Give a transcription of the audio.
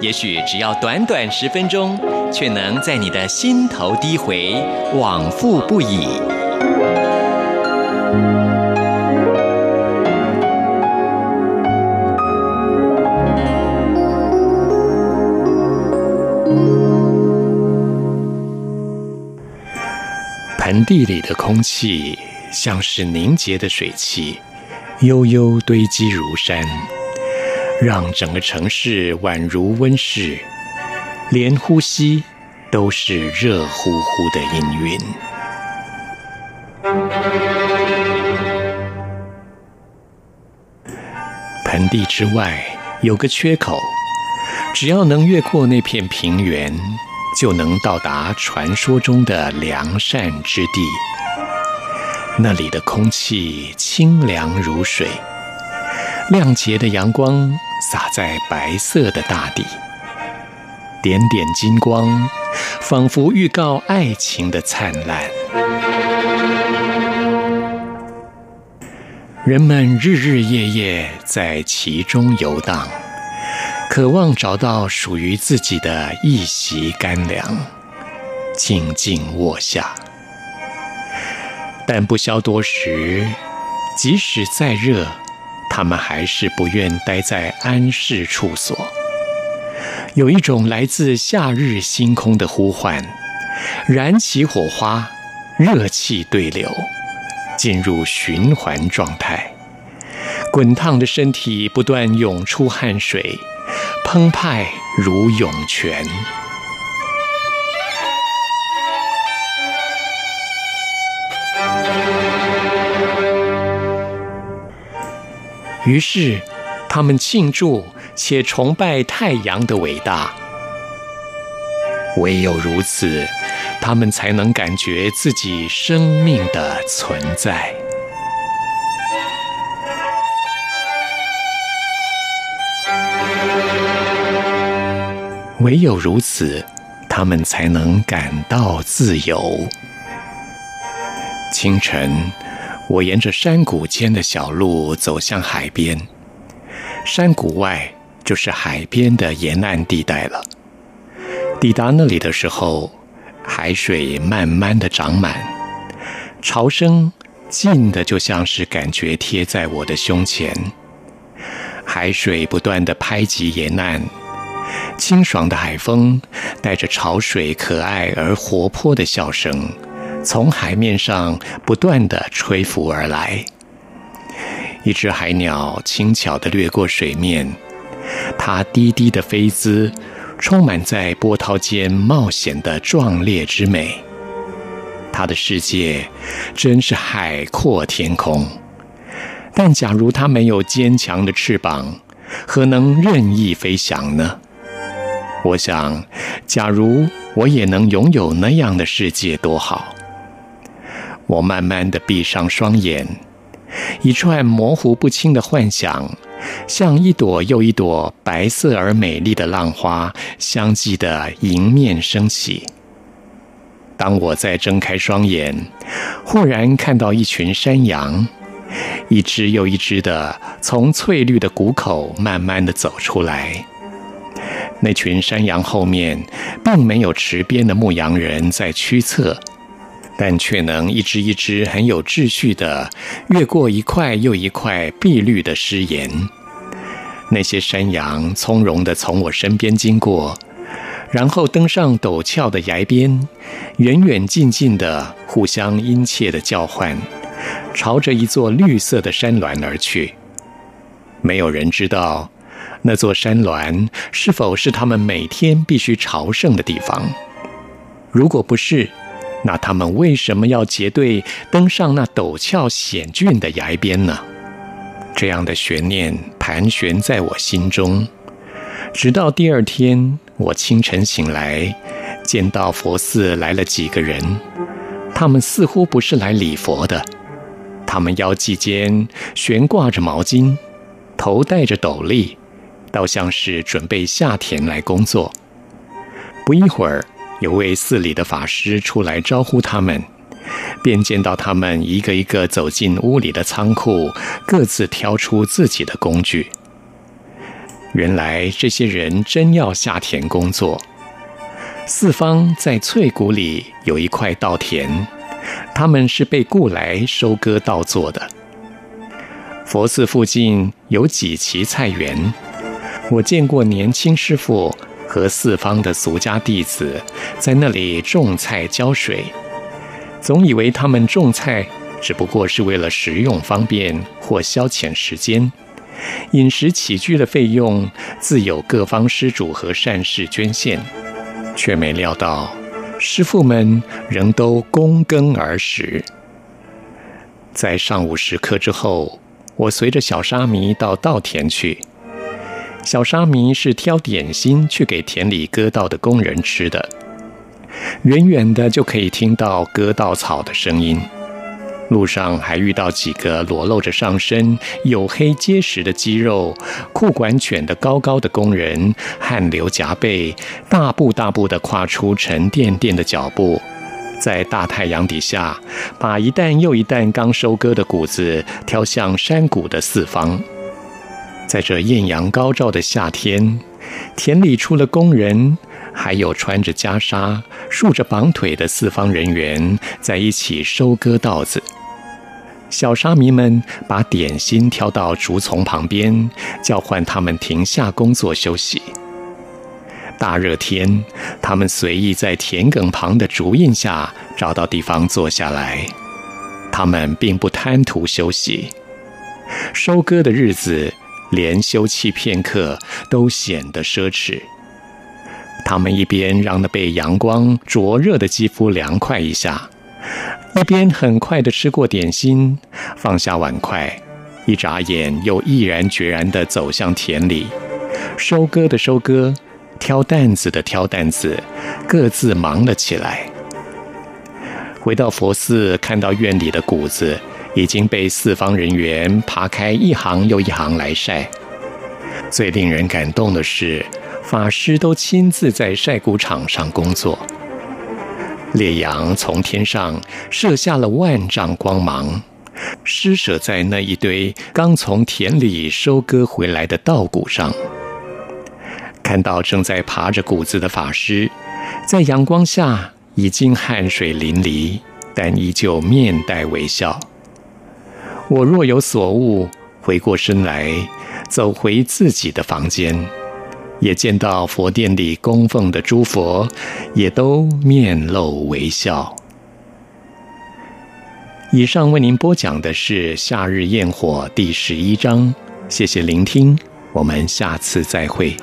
也許只要短短十分鐘，卻能在你的心頭低回，往復不已。盆地裡的空氣像是凝結的水汽，悠悠堆積如山。讓整個城市宛如溫室，連呼吸都是熱乎乎的氤氳。盆地之外有個缺口，只要能越過那片平原，就能到達傳說中的良善之地。那裡的空氣清涼如水，亮潔的陽光。灑在白色的大地，點點金光，仿佛預告愛情的燦爛。人們日日夜夜在其中遊蕩，渴望找到屬於自己的一席乾糧，靜靜臥下。但不消多時，即使再熱，他們還是不願待在安適處所，有一種來自夏日星空的呼喚，燃起火花，熱氣對流，進入循環狀態，滾燙的身體不斷湧出汗水，澎湃如湧泉。於是，他們慶祝且崇拜太陽的偉大。唯有如此，他們才能感覺自己生命的存在。唯有如此，他們才能感到自由。清晨。我沿着山谷間的小路走向海邊，山谷外就是海邊的沿岸地帶了。抵達那裡的時候，海水慢慢的漲滿，潮聲近的就像是感覺貼在我的胸前，海水不斷的拍擊沿岸，清爽的海風帶着潮水可愛而活潑的笑聲。從海面上不斷的吹拂而來，一隻海鳥輕巧的掠過水面，它低低的飛姿，充滿在波濤間冒險的壯烈之美。它的世界真是海闊天空，但假如它沒有堅強的翅膀，何能任意飛翔呢？我想，假如我也能擁有那樣的世界，多好！我慢慢的閉上雙眼，一串模糊不清的幻想，像一朵又一朵白色而美麗的浪花，相繼的迎面升起。當我再睜開雙眼，忽然看到一群山羊，一隻又一隻的從翠綠的谷口慢慢的走出來。那群山羊後面，並沒有池邊的牧羊人在驅策。但卻能一隻一隻很有秩序地越過一塊又一塊碧綠的石岩，那些山羊從容地從我身邊經過，然後登上陡峭的崖邊，遠遠近近地互相殷切地叫喚，朝着一座綠色的山巒而去。沒有人知道那座山巒是否是他們每天必須朝聖的地方。如果不是。那他們為什麼要結隊登上那陡峭險峻的崖邊呢？這樣的懸念盤旋在我心中，直到第二天，我清晨醒來，見到佛寺來了幾個人，他們似乎不是來禮佛的，他們腰際間懸掛着毛巾，頭戴着斗笠，倒像是準備下田來工作。不一會兒。有位寺裡的法師出來招呼他們，便見到他們一個一個走進屋裡的倉庫，各自挑出自己的工具。原來這些人真要下田工作。四方在翠谷裡有一塊稻田，他們是被雇來收割稻作的。佛寺附近有幾畦菜園，我見過年輕師傅。和四方的俗家弟子在那裡種菜澆水，總以為他們種菜只不過是為了食用方便或消遣時間，飲食起居的費用自有各方施主和善士捐獻，卻沒料到師父們仍都躬耕而食。在上午時刻之後，我隨着小沙彌到稻田去。小沙彌是挑點心去給田裡割稻的工人吃的。遠遠的就可以聽到割稻草的聲音。路上還遇到幾個裸露着上身、黝黑結實的肌肉、褲管捲得高高的工人，汗流浹背，大步大步地跨出沉甸甸的腳步，在大太陽底下，把一擔又一擔剛收割的穀子挑向山谷的四方。在這豔陽高照的夏天，田裡除了工人，還有穿着袈裟、豎着綁腿的四方人員在一起收割稻子。小沙彌們把點心挑到竹叢旁邊，叫喚他們停下工作休息。大熱天，他們隨意在田埂旁的竹蔭下找到地方坐下來。他們並不貪圖休息，收割的日子。連休憩片刻都顯得奢侈。他們一邊讓那被陽光灼熱的肌膚涼快一下，一邊很快地吃過點心，放下碗筷，一眨眼又毅然決然地走向田裡，收割的收割，挑擔子的挑擔子，各自忙了起來。回到佛寺，看到院裡的谷子。已經被四方人員扒開一行又一行來曬。最令人感動的是，法師都親自在曬谷場上工作。烈陽從天上射下了萬丈光芒，施捨在那一堆剛從田裡收割回來的稻谷上。看到正在扒著谷子的法師，在陽光下已經汗水淋漓，但依舊面帶微笑。我若有所悟，回過身來，走回自己的房間，也見到佛殿裡供奉的諸佛，也都面露微笑。以上為您播講的是《夏日焰火》第十一章，謝謝聆聽，我們下次再會。